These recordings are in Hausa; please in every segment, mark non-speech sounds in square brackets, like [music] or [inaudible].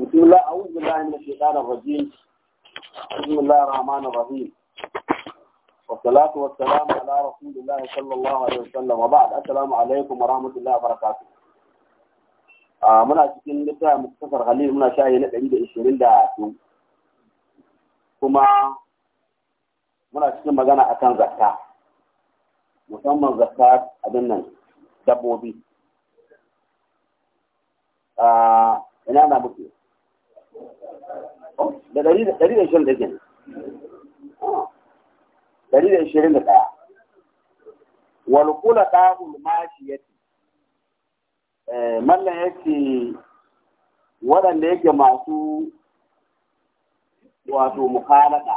بسم الله أعوذ بالله من الشيطان الرجيم بسم الله الرحمن الرحيم والصلاة والسلام على رسول الله صلى الله عليه وسلم وبعد السلام عليكم ورحمة الله وبركاته na ɗari da ishirin da su kuma muna cikin magana akan zakka ina na Oh, da ɗari da ishirin da kenan ɗari da ishirin da ɗaya walƙula ɗahul mashi ya ce eh, mallan ya ce waɗanda yake masu wato mukhalata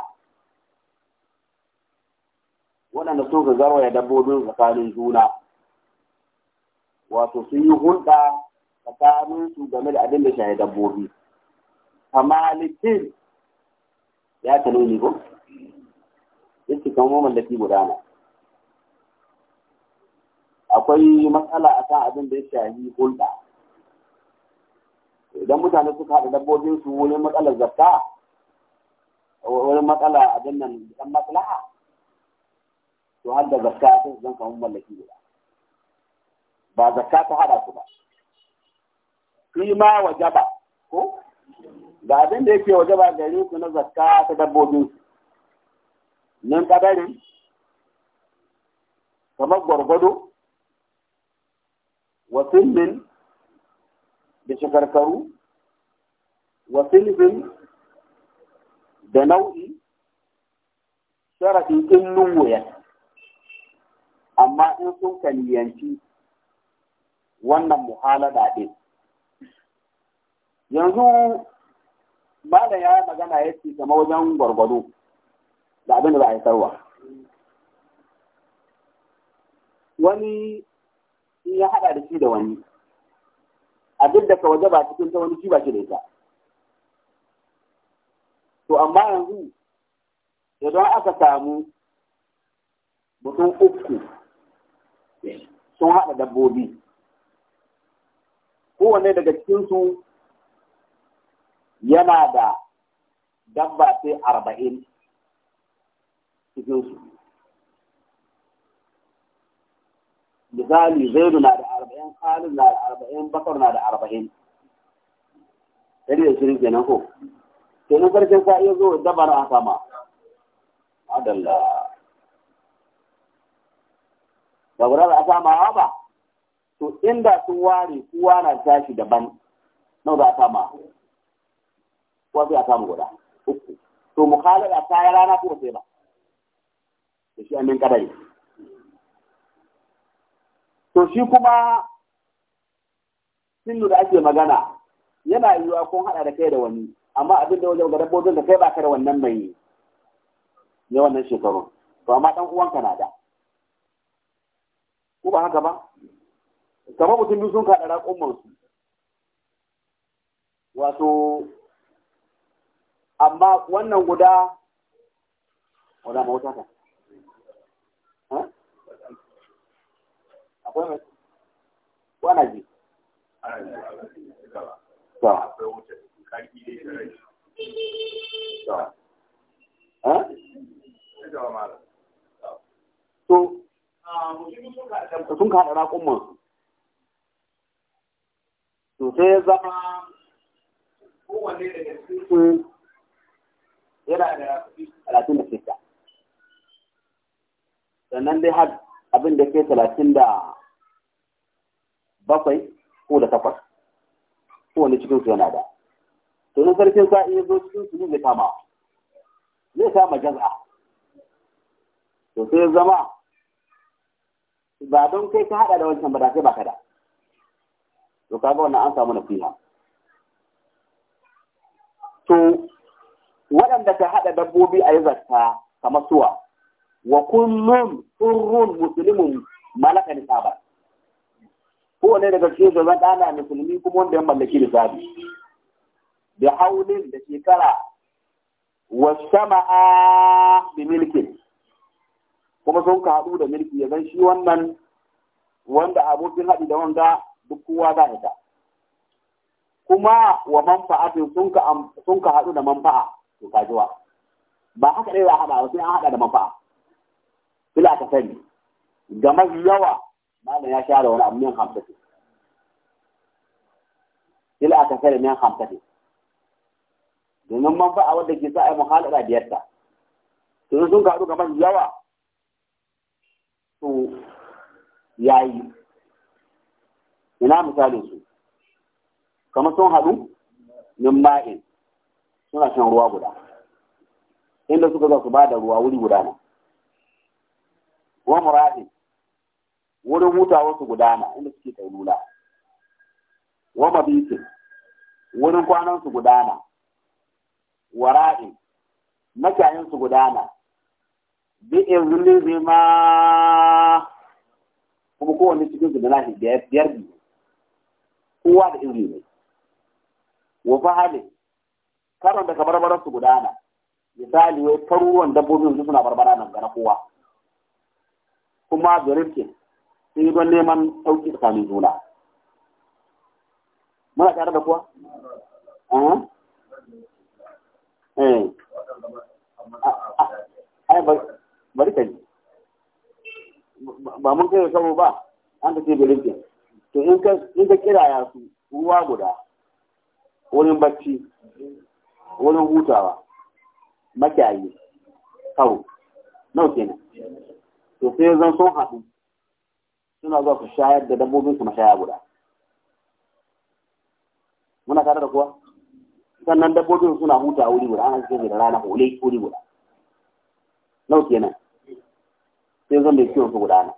waɗanda sun ka ya dabbobin tsakanin juna wato sun yi hulɗa tsakaninsu game da abin da shahi dabbobi kamalitin ya ta nuni ko yake kan mu mallaki gudana akwai matsala akan abin da ya shahi hulɗa idan mutane suka haɗa dabbobin su wurin matsalar zakka wurin matsala abin nan ɗan maslaha to har da zakka sai zan kamun mallaki guda ba zakka ta haɗa su ba fi ma wajaba ko ga abin da yake waje ba gare ku na zakka ta dabbobin nan kadarin kamar gwargwado wasilmin da shekarkaru wasilmin da nau'i sharaɗin in wuya amma in sun kaniyanci wannan muhalada ɗin yanzu malam ya magana ya ce kama wajen gwargwado da abin da za a sarwa. wani ya haɗa da shi da wani abin da ka waje ba cikin ta wani shi ba shi da ita to amma yanzu idan aka samu mutum uku sun haɗa dabbobi kowane daga cikinsu yana da dabba sai arba'in cikinsu misali zaidu na da arba'in khalid na da arba'in bakar na da arba'in Yadda da shirin kenan ko kenan karshen sa iya zo dabba na asama. adalla ba guda da asama ma ba to inda sun ware kuwa na tashi daban nau da asama. ko sai a samu guda uku to mukhalada ta yi rana ko sai ba to shi amin kadari to shi kuma sinu da ake magana yana yiwuwa kun haɗa da kai da wani amma abin da wajen ga dabbobin da kai ba ka da wannan mai ne wannan shekaru. to amma dan uwanka na da ko ba haka ba kamar mutum biyu sun kaɗa raƙon wato amma wannan guda wadda mawuta ta akwai mai wana ji to sun kaɗa raƙon to sai ya zama kowane daga cikin yana da talatin da shida sannan dai har abin da ke talatin da bakwai ko da takwas wani cikin su yana da to in sarkin sa iya zo cikin su zai kama zai kama jaz'a to sai zama ba don kai ka haɗa da wancan ba da sai ba ka da to kaga wannan an samu na nasiha to waɗanda ka haɗa dabbobi a yi zarta kamar suwa wa kullum turrun musulmin malaka ko kowane daga cikin zan ɗana musulmi kuma wanda ya mallaki nisabi da haulin da shekara wa sama'a bi milkin kuma sun ka haɗu da milki ya zan shi wannan wanda abokin haɗi da wanda duk kowa za ta kuma wa manfa'a sun ka haɗu da manfa'a to ka jiwa ba haka dai za a haɗa sai an haɗa da mafa bila ka sani game yawa malam ya share wani abu min ce bila ka sani min ce domin a wadda ke sa a yi biyar biyarta to sun karu kamar yawa to yayi ina misalin su kamar sun haɗu min ma'in suna shan ruwa guda inda suka za su ba da ruwa wuri guda ne wa muradin wurin hutawar su guda inda suke kailula wa mabitin wurin kwanan su guda wa wara'in makayin su guda na bi'in zulmi ma kuma wani cikin su da nashi biyar biyu kowa da izini ne wa fahalin da daga barbaran su gudana misali wai taruwan dabbobin su suna barbara nan ga kowa kuma da sun yi don neman ɗauki tsakanin juna muna tare da kuwa eh? Eh. ai bari ka ji ba mun kai kamo ba an ka ce da to in ka kira ya su ruwa guda wurin bacci wurin hutawa makiyayi kawo nau kenan to sai zan sun haɗu suna zuwa su shayar da dabbobin su mashaya guda muna tare da kuwa sannan dabbobin suna hutawa wuri guda ana cikin da rana hule wuri guda nau kenan sai zan bai kiwon su guda na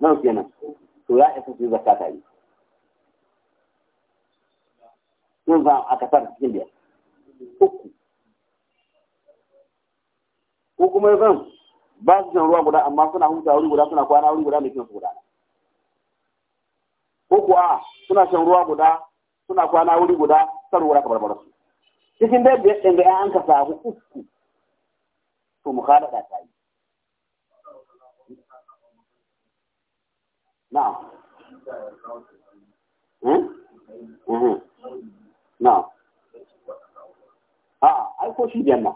nau kenan to ya isa su yi zakka tare sun za a kasar cikin biyar uku ko kuma ya zan ba su jan ruwa guda amma suna huta wuri guda suna kwana wuri guda mai kinsu guda ko kuwa suna shan ruwa guda suna kwana wuri guda san ruwa kamar barasu cikin dai biyar ɗin ga an ka samu uku to mu kada da ta yi na'am eh? Eh, eh. na'am a ai ko shi biyan nan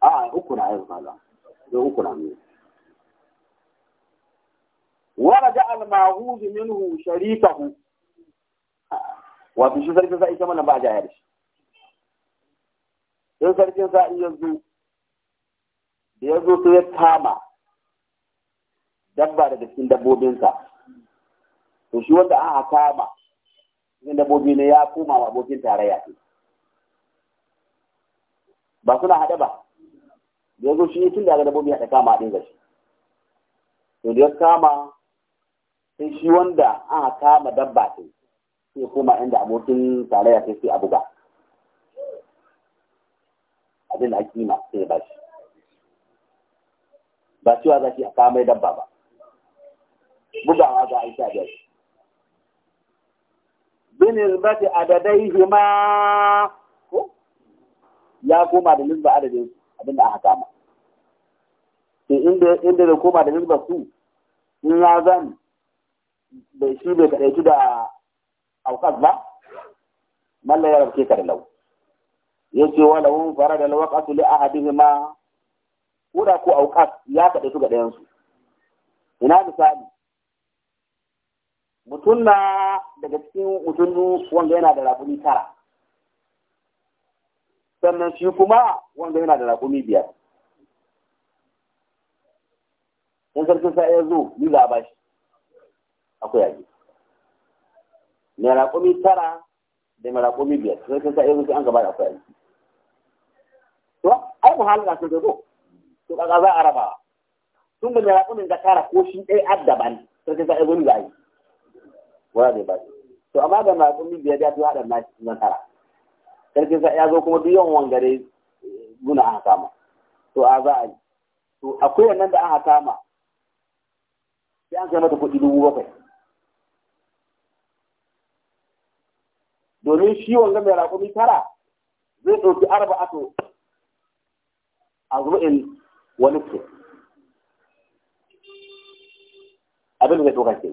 a uku na ayyuka da uku na ne waraja almahuzu minhu sharikahu wato shi sarkin sa'i kama mana ba jaya da shi in sarkin sa'i ya zo da ya zo sai ya kama dabba daga cikin dabbobinsa to shi wanda aka kama cikin dabbobi ne ya koma wa abokin tarayya ce ba suna haɗe ba da ya zo shi tun da ga dabbobi haɗe kama ɗin gashi to da ya kama sai shi wanda an kama dabba ce sai koma inda abokin tarayya ce sai abu buga abin da ake ma sai ba shi ba cewa za shi a kama dabba ba bugawa za a yi sa biyar adadai adadaihima ko ya koma da nisba adadin abin da aka kama ke inda inda da koma da nisba su in ya zan da shi bai kadaitu da aukas ba malla ya rabke ka da lau yace wala hum farada alwaqtu li ahadihima koda ko aukas ya kadaitu ga dayan su ina misali mutum na daga cikin mutum wanda yana da raƙumi tara sannan shi kuma wanda yana da raƙumi biyar in sarki sa ya zo ni za a ba shi akwai yaji mai raƙumi tara da mai raƙumi biyar sarki sa ya zo sai an gaba da akwai yaji to ai mu halin asirin zo to kaka za a rabawa tun da mai raƙumin ga tara ko shi ɗaya addaban sarki sa ya zo ni za a yi wani ba to amma ga masu biyar ya fi haɗa na nasara sarkin sa ya zo kuma duk yawan wangare nuna eh, aka kama to a za a yi to akwai wannan da aka kama sai an kai mata kuɗi dubu bakwai domin shi wanga mai raƙumi tara zai ɗauki arba ato a zuɓin wani ce abin da zai ɗauka ke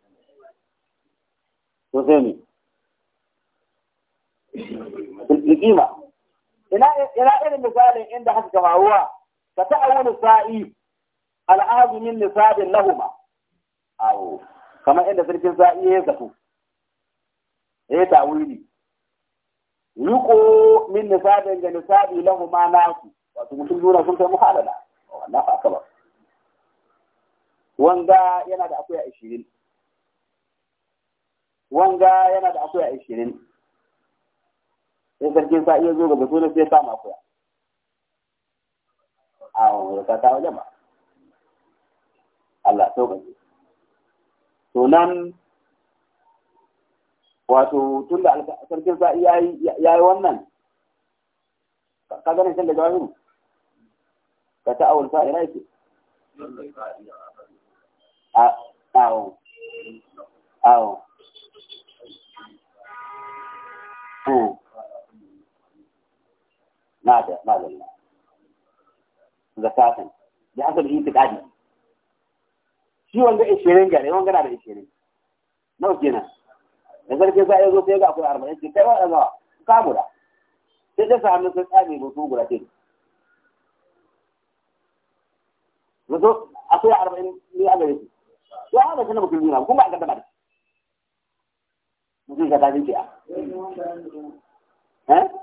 to sai ne Ikima, ina irin misalin inda haka kama ruwa, ka ta'awun sa'i al'adu min nisabin lahuma. Awo, kamar inda sarkin sa'i ya zato, ya yi tawili. Riko min nisabin ga nisabi lahuma nasu, wato mutum juna sun kai muhalala, wannan haka ba. Wanda yana da akwai a ishirin. wanga yana da akuya ishirin sai sarkin sa iya zo ga suna sai samu akuya a wani ka ta wajen ba Allah so ka ce to nan wato tun da sarkin sa ya yi wannan ka ganin shan da jawahiru ka ta awul sa ina yake a awon ma zalla zakatan da haka da itikadi shi wanga 20 gare wanga na da 20 nawa kenan da zargin sa ya zo sai ga akwai arba'in ce kai wanda zawa ka guda sai ta sami sun tsami rutu guda ce rutu akwai arba'in ne a gare shi ya haɗa shi na mutum yana a a eh?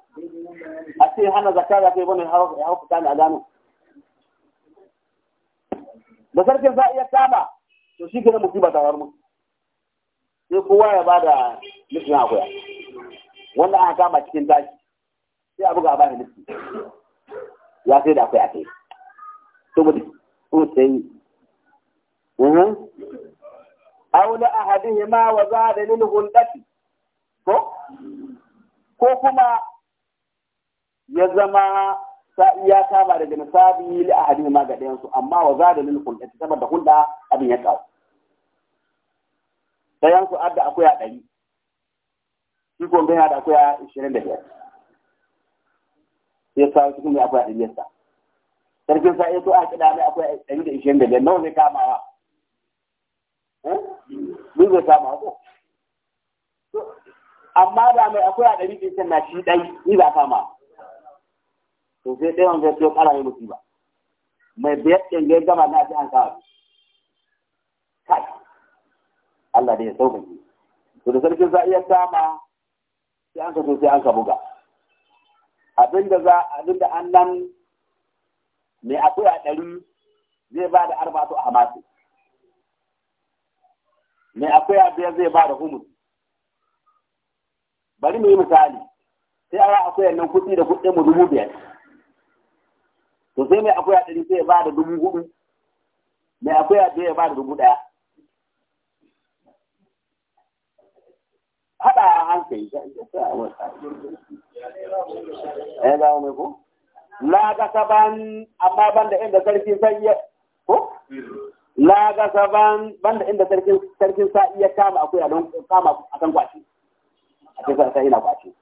a ce hana zakka da kai bane ya hau fita ne a gano da sarkin za a iya kama to shi kenan musiba ta warmu sai kowa ya ba da nufin akuya wanda aka kama cikin tashi sai a buga a bani nufi ya sai da akuya kai to mu ko sai aw la ahadihima wa zada lil hundati ko ko kuma ya zama ya kama daga nasabi li ahadin ma ga ɗayansu, su amma wa zada lil hulɗa saboda hulɗa abin ya kawo ɗayan su adda akwai a ɗari shi ko bai da akwai a ishirin da biyar sai sa cikin mai akwai a ɗari yasta sarkin sa ya eh, so a kiɗa mai akwai a ɗari da ishirin da biyar nawa zai kamawa mun eh? zai kama ko amma da mai akwai a ɗari ɗin na shi ɗai ni za kama to sai dai wanda to kara yi musiba mai biyar ɗin zai gama na ji an kawo kai Allah da ya sauƙaƙe to da sarkin za iya kama sai an ka so sai an ka buga abinda za abinda an nan mai akwai a ɗari zai ba da arba'atu a hamasi mai akwai a biyar zai ba da humus bari mu yi misali sai a akwai nan kuɗi da kuɗin mu dubu biyar to sai mai akuya ɗari sai ya ba da dubu hudu mai akuya sai ya ba da dubu ɗaya haɗa a hankali ya eh, zama wani ko la ga saban amma banda inda sarkin sai ya ko la ga saban banda inda sarki sarkin sa iya kama akuya don kama akan kwashi a cikin sarki na kwashi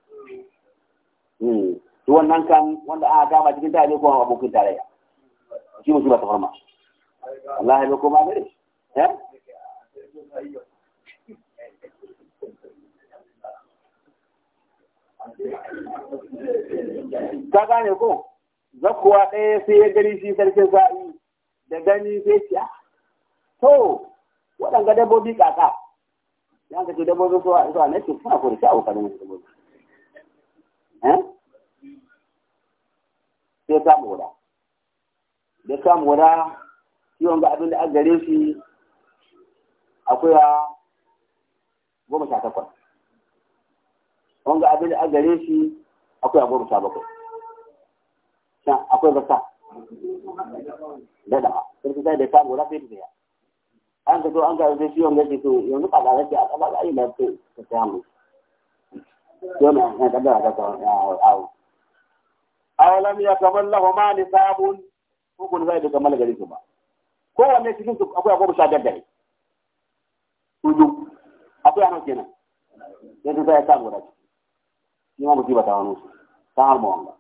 hmm. to wannan kan wanda aka kama cikin tare ne ko abokin tarayya shi musu ba ta farma Allah ya ko ma gare eh ka gane ko zakuwa ɗaya sai ya gani shi sarkin sa'i da gani sai ciya ah. to waɗanga dabbobi kaka yan ka ce dabbobin suwa na ce suna kurci a wukarin dabbobi eh? sai ta wada da samu wada ciwon ga abin da an gare shi akwai a goma sha takwas ga abin da an gare shi akwai a goma sha bakwai can akwai da sai da ta sai ta an ka zo an ka zai gaji to yanzu ka a tsaba ga ayyuka ta samu yau na ta ya kamar lahoma ma sabon hukun zai da kamar gari su ba kowanne cikin su akwai akwai sha gaggare hudu akwai anan kenan yanzu zai samu da ciki shi ma ba ta wani su ta harma wanda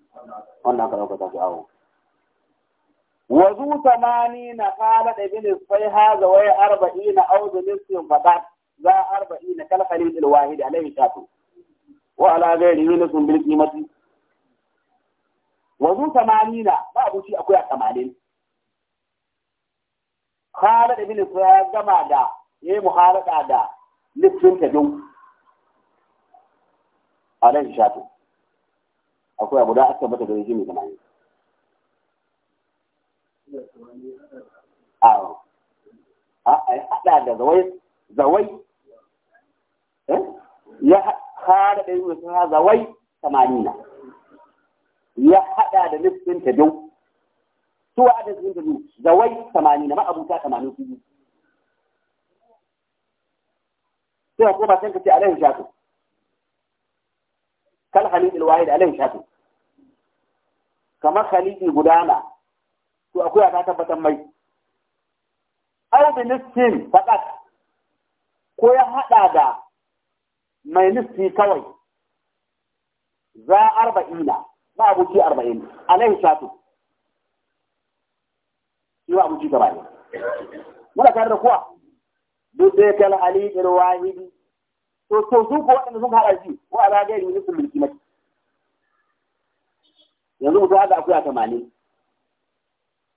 wannan aka ta fi awon wazu tamani na kala da bin sai haza wai na aw da nisin fadat za arba'i kal kalfalin al wahid alayhi shatu wa ala ghairihi nisun bil kimati wazu samanina ba abuci akwai a tamanin Khalid ibn Isra ya gama da ya yi muharada da littin ta dun nan shatu akwai abu da aka mata da shi mai tamanin a yi haɗa da zawai zawai eh? ya Khalid ibn Isra zawai samanina ya haɗa da nufin ta biyu suwa da nisfin ta biyu da wai tamanin na ma'abuta tamanin su yi. sai kuma sun san ka ce alaihi shafi kal halil da layin shafi kamar halin gudana to akwai ta tabbatar mai au bi nufin faɗaɗ, ko ya haɗa da mai nufi kawai za arba'ina ma abuci arba'in alaihi shatu shi ba abuci gaba ne muna tare da kuwa duk da kala ali il wahidi to to su ko wanda sun fara shi ko a gairi ne sun mulki mai yanzu mutum akwai a tamanin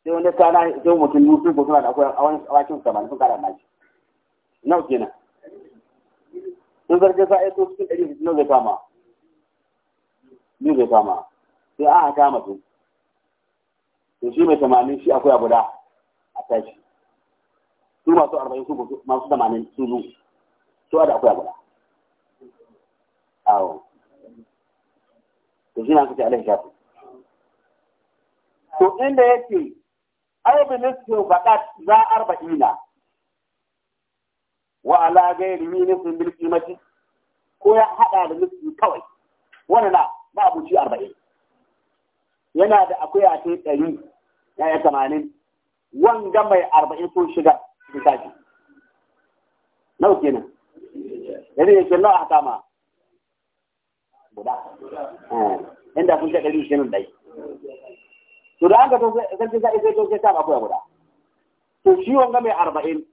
sai wani kana sai mutum yusuf ko suna da akwai a wani awakin tamanin sun kara nashi nau kenan Sun zargin sa'a ya eh, to cikin ɗari na zai kama ni zai kama sai aka kama su to shi mai tamanin shi akwai a tashi su masu arba'in su na alaihi shafi to inda yake aibinin su za ya haɗa da nufi kawai na arba'in yana da akwai a ɗari na ya tamanin wanga mai arba'in sun shiga cikin sashi nau kenan ɗari da nawa a kama guda eh, inda kun ce ɗari shirin ɗai to da an ka sarki sa isa to sai kama kuwa guda to shi wanga mai arba'in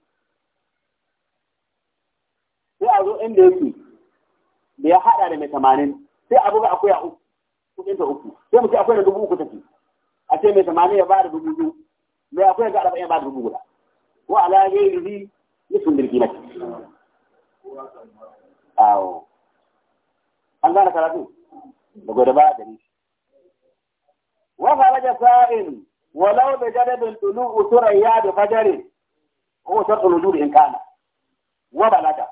sai a zo inda yake da ya haɗa da mai tamanin sai abu ga akwai a uku kudin ta uku sai mu ce akwai da dubu uku take a ce mai tamanin ba da dubu biyu mai akwai da arba'in ya ba da dubu guda wa ala ghairihi nisun birki na awo an gane karatu da gwada ba da ni wa faraja sa'in walau da jadabin tulu turayya da fajare ko shartul wujud in kana wa balaga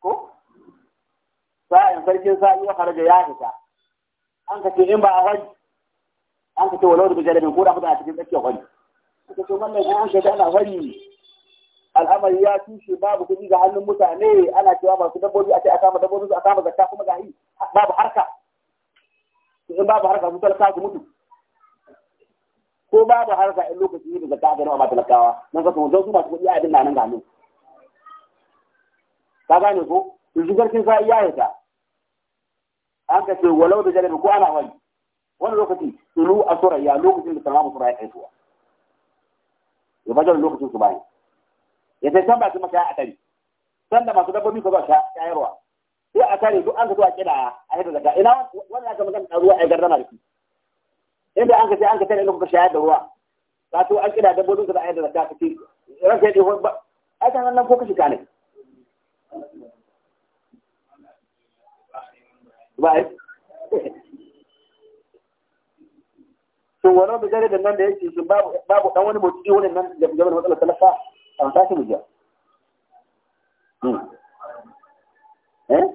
ko sa'in sarkin sa'i ya faraja ya fita an ka ce in ba a wani an ka ce wa da bijalabin ko da mutum a cikin tsakiyar wani an ka ce wannan in an ka ce ana wani al'amari ya tushe babu kuɗi ga hannun mutane ana cewa masu dabbobi a ce a kama dabbobi su a kama zakka kuma ga yi babu harka in babu harka su talaka su mutu ko babu harka in lokaci ne da zakka ga ba talakawa nan kasu don su masu kuɗi a abin nan ga nan ka gane ko yanzu garkin sa iya ya ta an ka ce walau da jarabi ko ana wani wani lokaci tulu a surayya lokacin da salamu surayya kai kaisuwa ya bajar lokacin su bayan ya sai san ba su maka a tare san da masu dabbobi ka zuwa shayarwa sai a tare duk an ka zuwa kida a yadda zaka ina wannan aka magana da ruwa a gardama da shi inda an ka sai an ka tare lokacin shayar da ruwa ka to an kida dabbobin ka da a yadda zaka ka ce ranka ya ko ba a kan nan ko kashi ka ba to wannan bijare da nan da yake shi babu babu dan wani motsi wani nan da bijare da matsalar talaka an tashi mu ja eh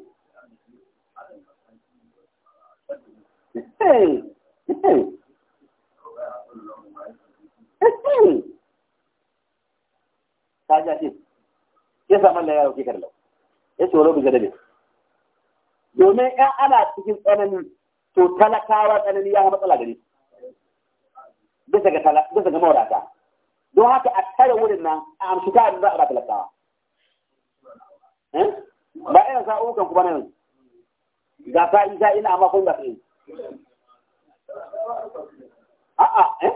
eh eh ta ja ce ya samu la yaro ke karlau ya ce wani bijare da domin ‘yan ana cikin tsanani to talakawa tsanani ya matsala gare bisa ga maurata don haka a tare wurin nan a amshi ta za a ba talakawa eh? ba irin sa'ukan kuma nan ga sa'i sa'i na amma kun ba sa'i a'a eh?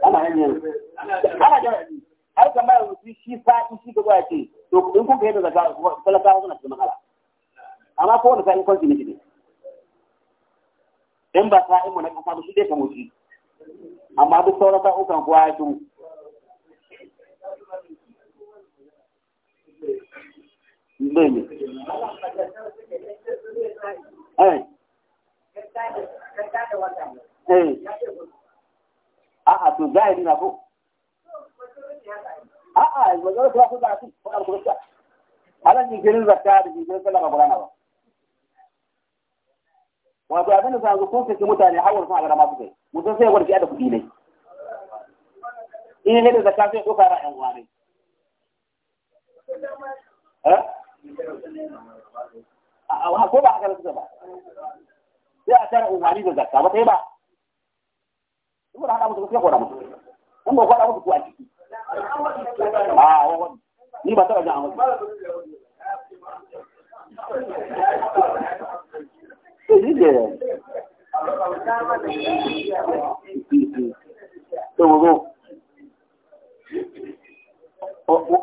ana hanyar ana jami'a ai kamar yanzu shi sa'i shi ka ce to in kun kai da zakka kuma talakawa suna cikin matsala amma ko wanda sa'in kwanci nake ne in ba sa'in mu na kasa ba shi dai kamo shi amma duk sauran sa'ukan kowa ya tun Bene. Eh. Eh. A'a to zahiri na ko? jirin zakka da jinkirin sallah ba ba wato abin da sa kun mutane hawar sun agara masu kai mutum sai warke da kuɗi ne in ne da zakka sai ɗauka ra'ayin uwa ne eh? ko ba haka da ba sai a tara umarni da zakka ba sai ba in da haɗa musu sai ba da ko a ciki a ni ba ta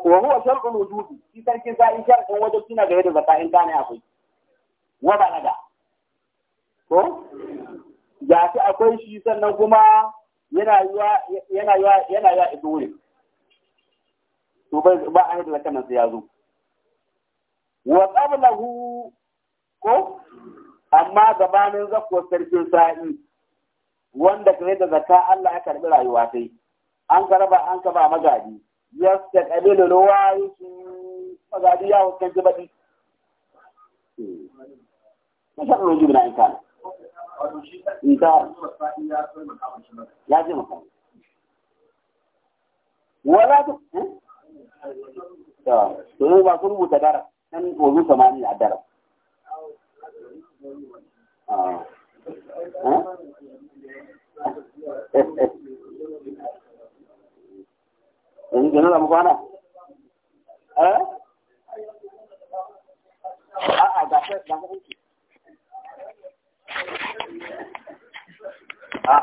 وهو شرع الوجود في ترك زائد شرع وجد فينا غير زكاة إن كان ya ci akwai shi sannan kuma yana yiwa yana yiwa yana yiwa ido ne to ba a ya zo wa qablahu ko amma gabanin zakko sarkin sa'i wanda kai da zakka Allah ya karbi rayuwa sai an karba an ka ba magadi yastaqbilu ruwayi magadi ya hukunci badi ko shar roji bin an kana inta ya ji maka wala eh? to to ba ku rubuta dara nan kozu samani a daren ah. [laughs] yanzu gina da kwana eh? a'a ga